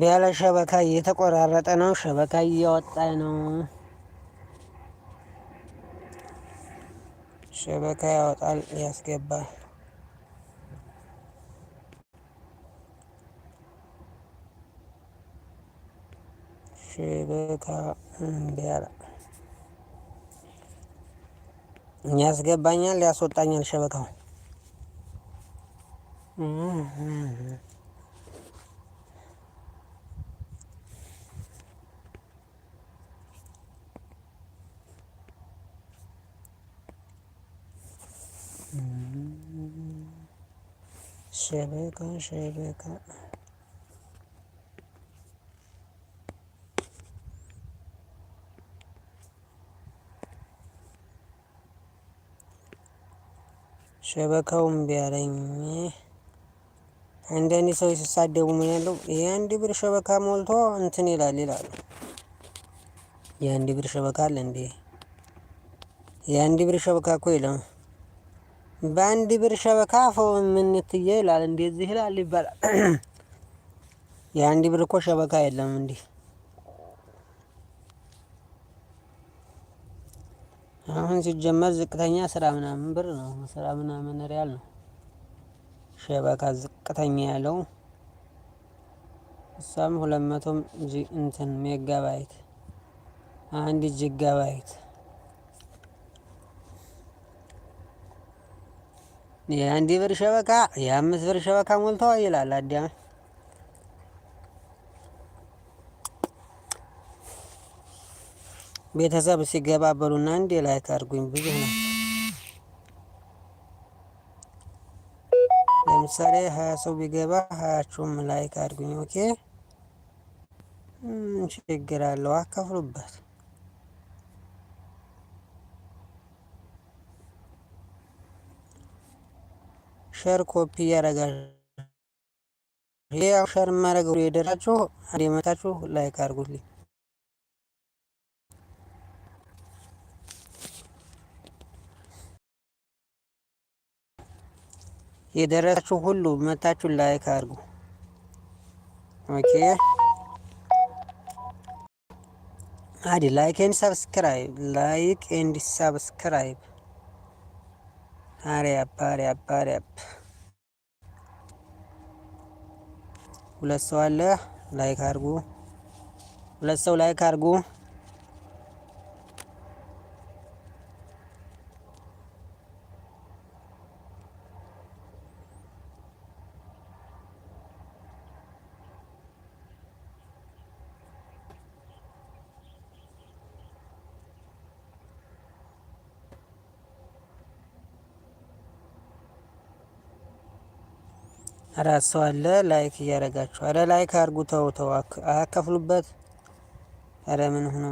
ቢያለ ሸበካ እየተቆራረጠ ነው። ሸበካ እያወጣ ነው። ሸበካ ያወጣል ያስገባል። ሸበካ ቢያለ ያስገባኛል፣ ያስወጣኛል ሸበካው ሸበካ ሸበካ ሸበካው እምቢ አለኝ። ሰዎች ሲሳደቡ ምን ያለው የአንድ ብር ሸበካ ሞልቶ እንትን ይላል ይላሉ። የአንድ ብር ሸበካ አለ እንዴ? የአንድ ብር ሸበካ እኮ የለም። በአንድ ብር ሸበካ ፈው የምንትየ ይላል። እንደዚህ ይላል ይባላል። የአንድ ብር እኮ ሸበካ የለም እንዲህ አሁን ሲጀመር ዝቅተኛ ስራ ምናምን ብር ነው። ስራ ምናምን ሪያል ነው። ሸበካ ዝቅተኛ ያለው እሷም ሁለት መቶም እንትን ሜጋባይት አንድ ጂጋባይት የአንድ ብር ሸበካ የአምስት ብር ሸበካ ሞልተዋል ይላል አዳም። ቤተሰብ ሲገባበሉና እንዴ ላይ ታርጉኝ ብዙ ነው። ለምሳሌ ሀያ ሰው ቢገባ ሀያችሁም ላይ ታርጉኝ። ኦኬ ችግር አለው አከፍሉበት። ሸር ኮፒ ያደርጋል። ይሄው ሸር ማድረገው የደራችሁ አደመጣችሁ፣ ላይክ አድርጉልኝ። የደረሳችሁ ሁሉ መታችሁ ላይክ አድርጉ። ኦኬ አዲ ላይክ ኤንድ ሰብስክራይብ ላይክ ኤንድ ሰብስክራይብ አሬ አባ አሬ ሁለት ሰው አለ። ላይክ አድርጉ። ሁለት ሰው ላይክ አድርጉ። አራት ሰው አለ ላይክ እያደረጋችሁ። አረ ላይክ አርጉ። ተው ተው፣ አያከፍሉበት። አረ ምን ሆኖ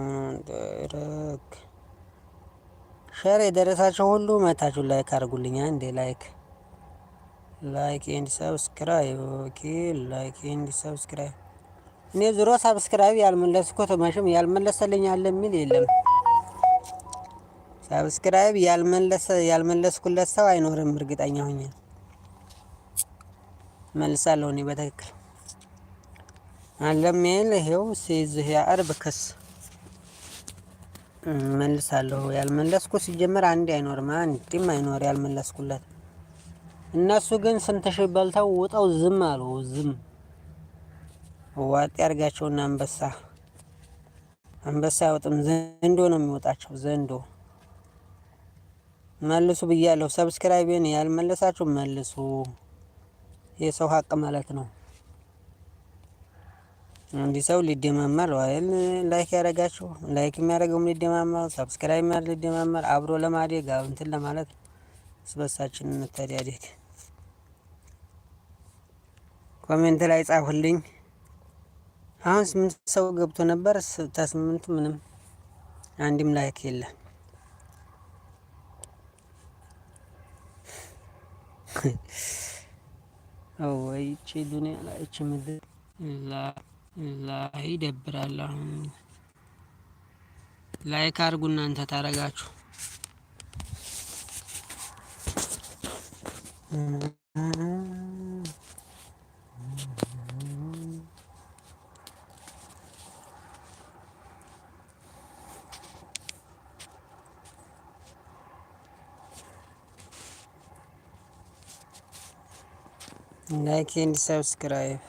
ሸር የደረሳቸው ሁሉ መታችሁ ላይክ አርጉልኛ። እንዴ ላይክ ላይክ ኤንድ ሰብስክራይብ። ኦኬ ላይክ ኤንድ ሰብስክራይብ። እኔ ዝሮ ሰብስክራይብ ያልመለስኩት መቼም ያልመለሰልኝ አለ የሚል የለም። ሰብስክራይብ ያልመለሰ ያልመለስኩለት ሰው አይኖርም እርግጠኛ ሆኛል። መልሳለሁ እኔ በትክክል አለም ይል ይሄው ሲዝህ ያርብ ክስ መልሳለሁ። ያልመለስኩ ሲጀመር አንድ አይኖርም፣ አንድም አይኖር ያልመለስኩለት። እነሱ ግን ስንት ሺህ በልተው ውጠው ዝም አሉ። ዝም ዋጤ አድርጋቸውና አንበሳ አንበሳ አይወጥም፣ ዘንዶ ነው የሚወጣቸው። ዘንዶ መልሱ ብያለሁ። ሰብስክራይቤን ያልመለሳችሁ መልሱ። የሰው ሀቅ ማለት ነው። እንዲህ ሰው ሊደማመር ወይም ላይክ ያደረጋችሁ ላይክ የሚያደርገውም ሊደማመር፣ ሰብስክራይብ የሚያደርግ ሊደማመር፣ አብሮ ለማደግ እንትን ለማለት ስበሳችን እንተዳደግ። ኮሜንት ላይ ጻፉልኝ። አሁን ስምንት ሰው ገብቶ ነበር። ስምንት ምንም አንድም ላይክ የለም። ወይቼ ዱኒያ ላይቼ ምድር ላይ ይደብራል። አሁን ላይክ አድርጉ እናንተ ታረጋችሁ like and subscribe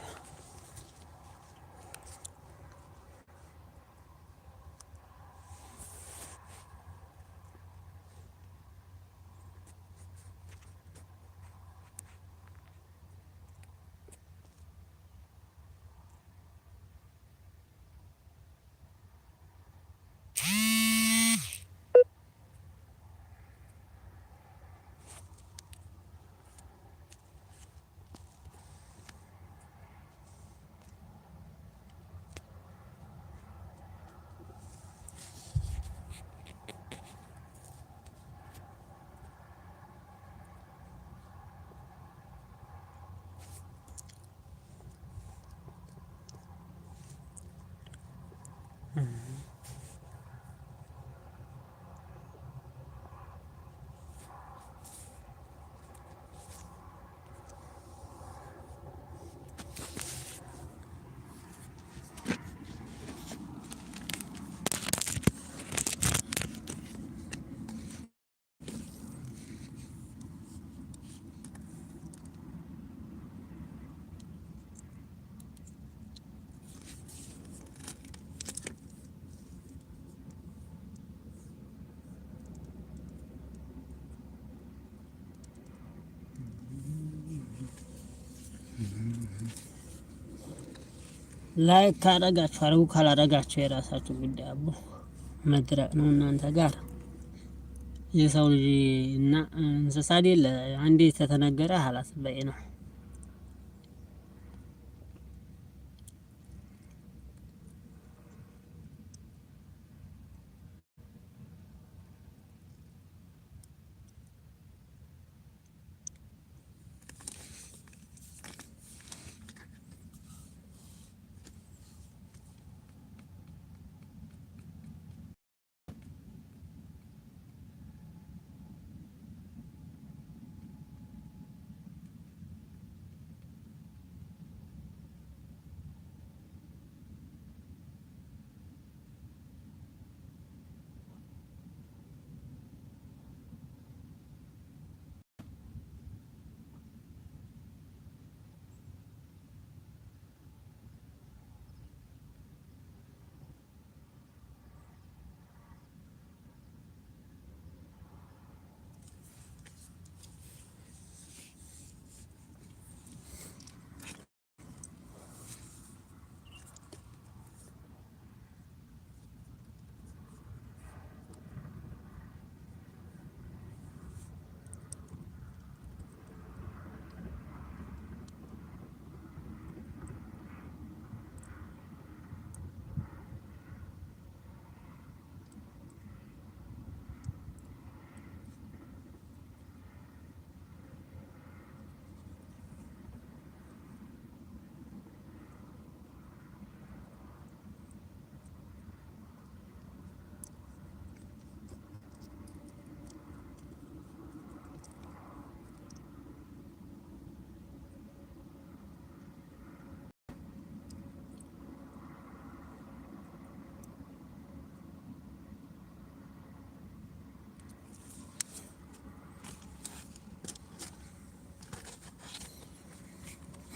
ላይ ካረጋችሁ አርጉ፣ ካላረጋችሁ የራሳችሁ ጉዳይ። አቦ መድረቅ ነው እናንተ ጋር። የሰው ልጅ እና እንስሳ አይደለ አንዴ ተተነገረ ሀላስ በይ ነው።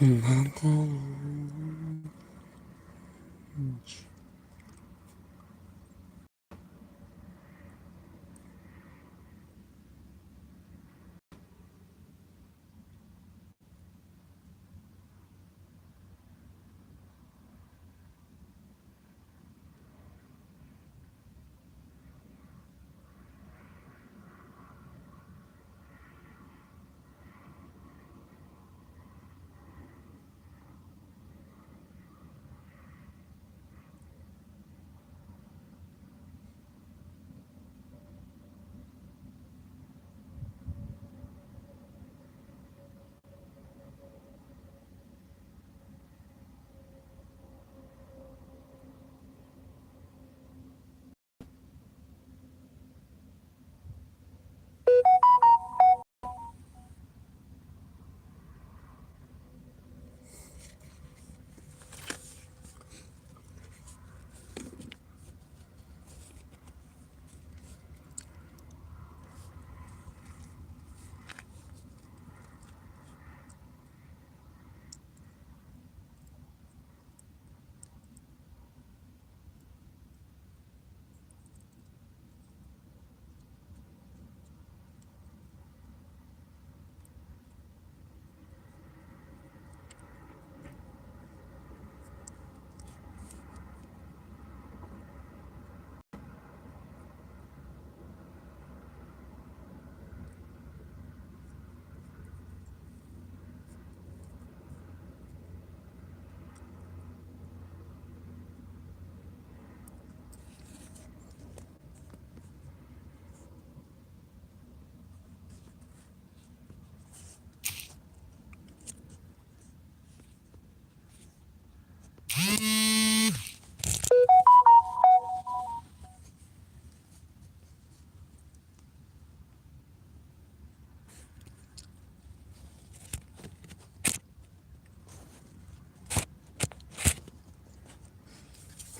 and mm-hmm.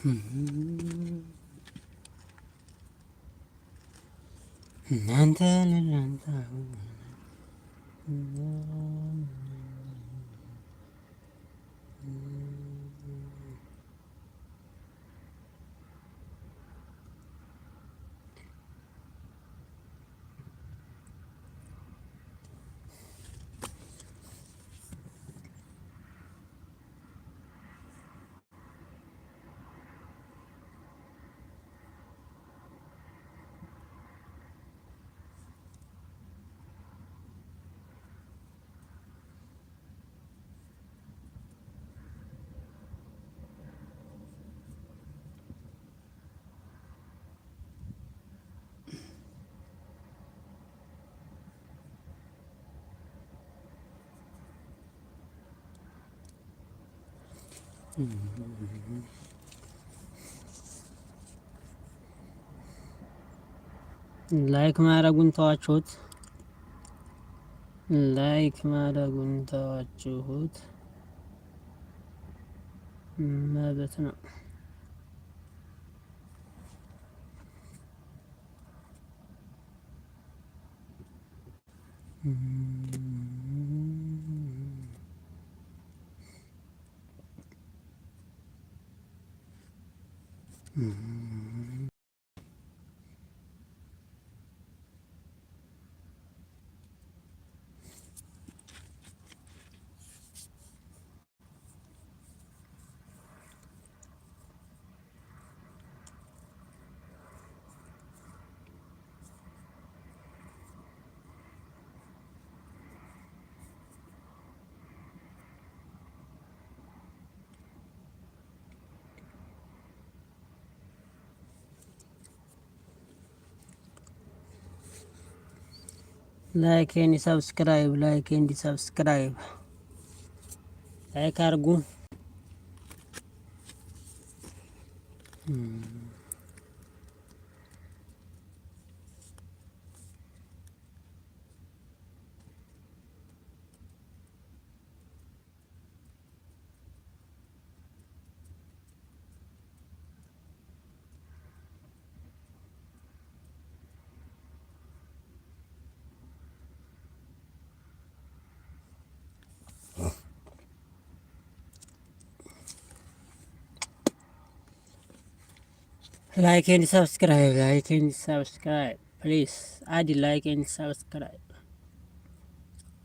Mm-hmm. ላይክ ማድረጉን ተዋችሁት። ላይክ ማድረጉን ተዋችሁት ማለት ነው ላይክ ኤንድ ሰብስክራይብ ላይክ ኤንድ ሰብስክራይብ ላይክ አድርጉ። like and subscribe like and subscribe please add like and subscribe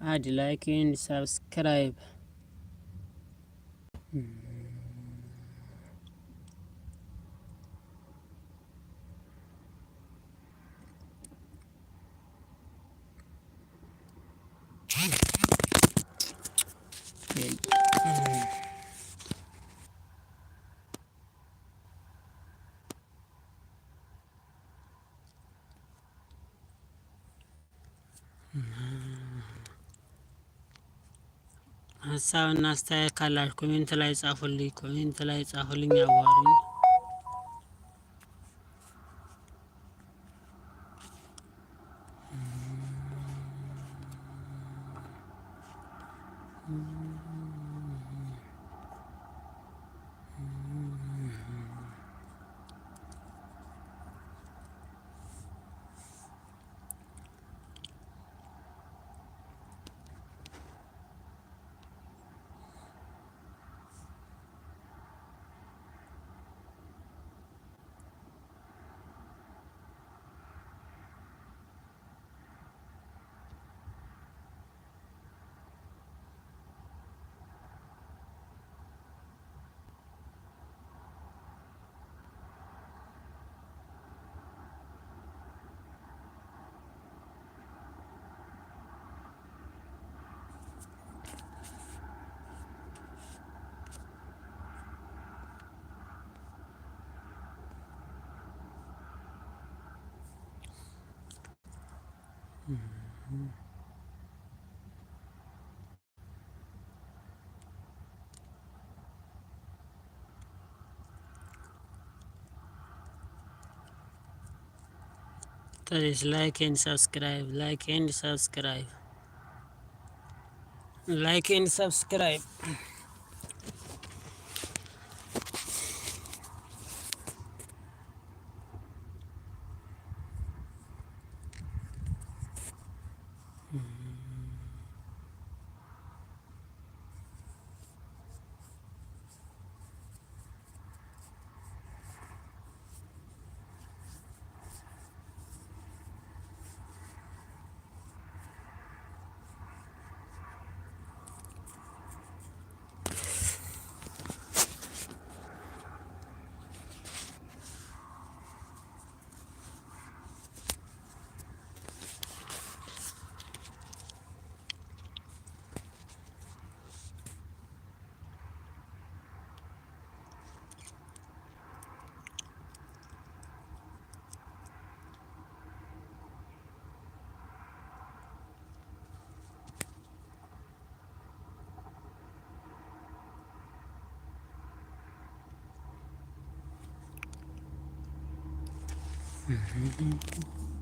add like and subscribe hmm. ሀሳብና አስተያየት ካላችሁ ኮሜንት ላይ ጻፉልኝ። ኮሜንት ላይ ጻፉልኝ፣ አዋሩኝ። Mm-hmm. That is Please like and subscribe, like and subscribe, like and subscribe. 嗯。